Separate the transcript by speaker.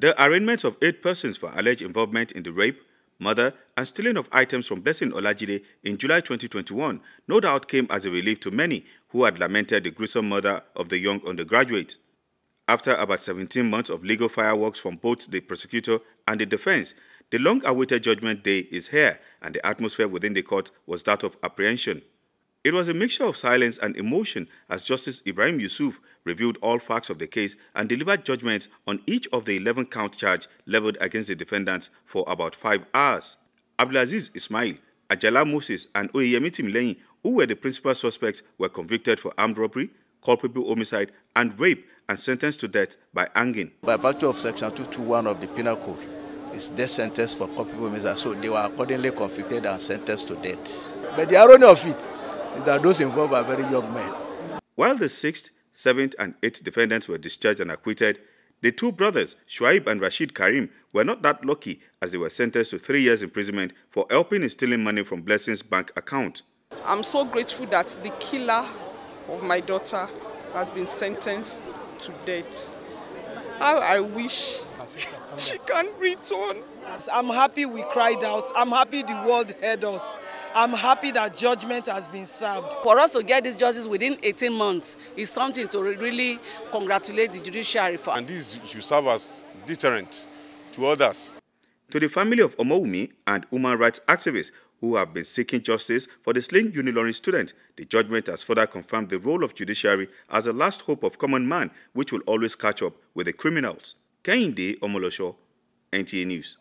Speaker 1: The arraignment of eight persons for alleged involvement in the rape, murder, and stealing of items from Blessing Olajide in July 2021 no doubt came as a relief to many who had lamented the gruesome murder of the young undergraduate. After about 17 months of legal fireworks from both the prosecutor and the defense, the long awaited judgment day is here, and the atmosphere within the court was that of apprehension. It was a mixture of silence and emotion as Justice Ibrahim Yusuf reviewed all facts of the case and delivered judgments on each of the 11 count charge leveled against the defendants for about five hours. Abdulaziz Ismail, Ajala Moses, and Oyemi Timileyin, who were the principal suspects, were convicted for armed robbery, culpable homicide, and rape and sentenced to death by hanging. By
Speaker 2: virtue of Section 221 of the Penal Code, it's death sentence for culpable homicide, so they were accordingly convicted and sentenced to death. But the irony of it, is that those involved are very young men.
Speaker 1: While the sixth, seventh, and eighth defendants were discharged and acquitted, the two brothers, Shuaib and Rashid Karim, were not that lucky as they were sentenced to three years imprisonment for helping in stealing money from Blessing's bank account.
Speaker 3: I'm so grateful that the killer of my daughter has been sentenced to death. How I
Speaker 4: wish she can return. I'm happy we cried out. I'm happy the world heard us. I'm happy that judgment has been served. For us to get this justice within 18 months is something to really congratulate the judiciary for. And this should serve
Speaker 1: as deterrent to others. To the family of Omowumi and human rights activists who have been seeking justice for the slain Unilorin student, the judgment has further confirmed the role of judiciary as the last hope of common man which will always catch up with the criminals. Kehinde Omolosho, NTA News.